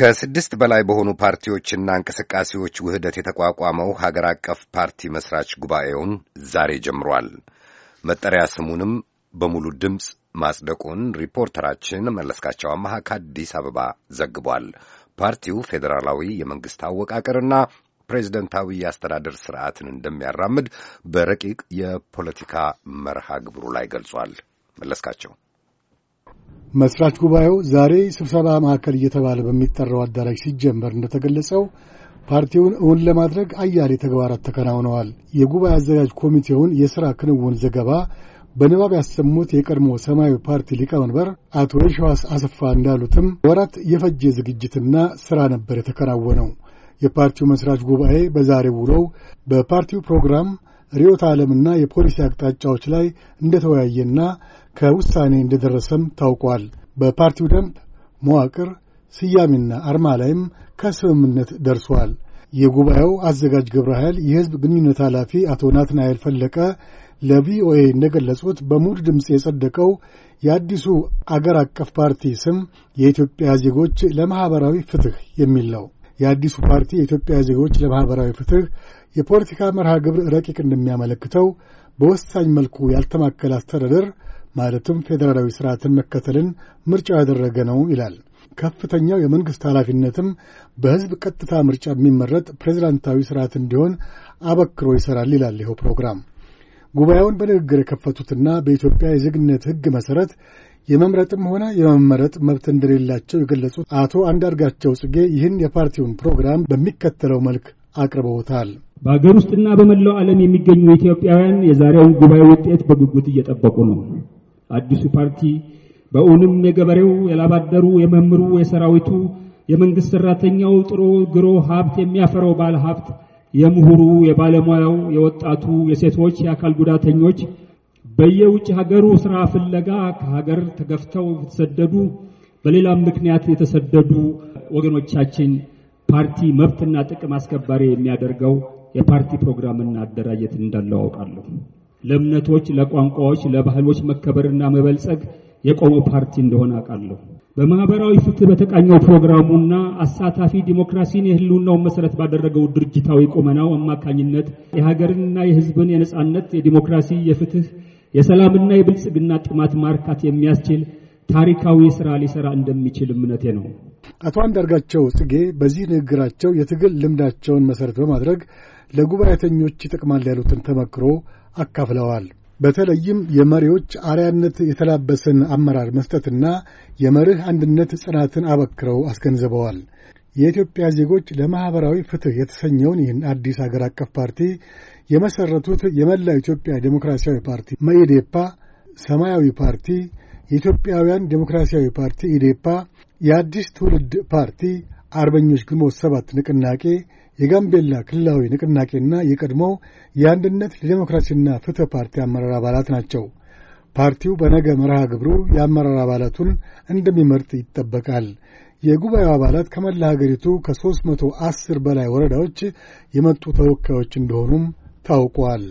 ከስድስት በላይ በሆኑ ፓርቲዎችና እንቅስቃሴዎች ውህደት የተቋቋመው ሀገር አቀፍ ፓርቲ መስራች ጉባኤውን ዛሬ ጀምሯል። መጠሪያ ስሙንም በሙሉ ድምፅ ማጽደቁን ሪፖርተራችን መለስካቸው አመሃ ከአዲስ አበባ ዘግቧል። ፓርቲው ፌዴራላዊ የመንግሥት አወቃቀርና ፕሬዝደንታዊ የአስተዳደር ስርዓትን እንደሚያራምድ በረቂቅ የፖለቲካ መርሃ ግብሩ ላይ ገልጿል። መለስካቸው መስራች ጉባኤው ዛሬ ስብሰባ ማዕከል እየተባለ በሚጠራው አዳራሽ ሲጀመር እንደተገለጸው ፓርቲውን እውን ለማድረግ አያሌ ተግባራት ተከናውነዋል። የጉባኤ አዘጋጅ ኮሚቴውን የሥራ ክንውን ዘገባ በንባብ ያሰሙት የቀድሞ ሰማያዊ ፓርቲ ሊቀመንበር አቶ የሸዋስ አሰፋ እንዳሉትም ወራት የፈጀ ዝግጅትና ሥራ ነበር የተከናወነው። የፓርቲው መስራች ጉባኤ በዛሬው ውለው በፓርቲው ፕሮግራም ርዕዮተ ዓለምና የፖሊሲ አቅጣጫዎች ላይ እንደተወያየና ከውሳኔ እንደደረሰም ታውቋል። በፓርቲው ደንብ መዋቅር፣ ስያሜና አርማ ላይም ከስምምነት ደርሷል። የጉባኤው አዘጋጅ ግብረ ኃይል የሕዝብ ግንኙነት ኃላፊ አቶ ናትናኤል ፈለቀ ለቪኦኤ እንደገለጹት በሙሉ ድምፅ የጸደቀው የአዲሱ አገር አቀፍ ፓርቲ ስም የኢትዮጵያ ዜጎች ለማኅበራዊ ፍትሕ የሚል ነው። የአዲሱ ፓርቲ የኢትዮጵያ ዜጎች ለማኅበራዊ ፍትሕ የፖለቲካ መርሃ ግብር ረቂቅ እንደሚያመለክተው በወሳኝ መልኩ ያልተማከለ አስተዳደር ማለትም ፌዴራላዊ ስርዓትን መከተልን ምርጫ ያደረገ ነው ይላል። ከፍተኛው የመንግሥት ኃላፊነትም በሕዝብ ቀጥታ ምርጫ የሚመረጥ ፕሬዚዳንታዊ ስርዓት እንዲሆን አበክሮ ይሠራል ይላል ይኸው ፕሮግራም። ጉባኤውን በንግግር የከፈቱትና በኢትዮጵያ የዜግነት ሕግ መሠረት የመምረጥም ሆነ የመመረጥ መብት እንደሌላቸው የገለጹት አቶ አንዳርጋቸው ጽጌ ይህን የፓርቲውን ፕሮግራም በሚከተለው መልክ አቅርበውታል። በሀገር ውስጥና በመላው ዓለም የሚገኙ ኢትዮጵያውያን የዛሬውን ጉባኤ ውጤት በጉጉት እየጠበቁ ነው። አዲሱ ፓርቲ በእውንም የገበሬው፣ የላባደሩ፣ የመምህሩ፣ የሰራዊቱ፣ የመንግስት ሰራተኛው ጥሮ ግሮ ሀብት የሚያፈረው ባለ ሀብት የምሁሩ፣ የባለሙያው፣ የወጣቱ፣ የሴቶች፣ የአካል ጉዳተኞች በየውጭ ሀገሩ ስራ ፍለጋ ከሀገር ተገፍተው የተሰደዱ በሌላም ምክንያት የተሰደዱ ወገኖቻችን ፓርቲ መብትና ጥቅም አስከባሪ የሚያደርገው የፓርቲ ፕሮግራምና አደራጀት እንዳለው አውቃለሁ። ለእምነቶች፣ ለቋንቋዎች፣ ለባህሎች መከበርና መበልጸግ የቆመ ፓርቲ እንደሆነ አውቃለሁ። በማህበራዊ ፍትህ በተቃኘው ፕሮግራሙና አሳታፊ ዲሞክራሲን የህልውናውን መሰረት ባደረገው ድርጅታዊ ቁመናው አማካኝነት የሀገርንና የህዝብን የነጻነት፣ የዲሞክራሲ፣ የፍትህ፣ የሰላምና የብልጽግና ጥማት ማርካት የሚያስችል ታሪካዊ ስራ ሊሰራ እንደሚችል እምነቴ ነው። አቶ አንዳርጋቸው ጽጌ በዚህ ንግግራቸው የትግል ልምዳቸውን መሠረት በማድረግ ለጉባኤተኞች ይጠቅማል ያሉትን ተመክሮ አካፍለዋል። በተለይም የመሪዎች አርያነት የተላበሰን አመራር መስጠትና የመርህ አንድነት ጽናትን አበክረው አስገንዝበዋል። የኢትዮጵያ ዜጎች ለማኅበራዊ ፍትሕ የተሰኘውን ይህን አዲስ አገር አቀፍ ፓርቲ የመሠረቱት የመላው ኢትዮጵያ ዴሞክራሲያዊ ፓርቲ መኢዴፓ፣ ሰማያዊ ፓርቲ የኢትዮጵያውያን ዴሞክራሲያዊ ፓርቲ ኢዴፓ፣ የአዲስ ትውልድ ፓርቲ፣ አርበኞች ግንቦት ሰባት ንቅናቄ፣ የጋምቤላ ክልላዊ ንቅናቄና የቀድሞ የአንድነት ለዴሞክራሲና ፍትሕ ፓርቲ አመራር አባላት ናቸው። ፓርቲው በነገ መርሃ ግብሩ የአመራር አባላቱን እንደሚመርጥ ይጠበቃል። የጉባኤው አባላት ከመላ ሀገሪቱ ከሦስት መቶ አስር በላይ ወረዳዎች የመጡ ተወካዮች እንደሆኑም ታውቋል።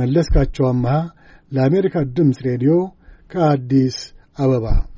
መለስካቸው አመሃ ለአሜሪካ ድምፅ ሬዲዮ ከአዲስ Ah, va.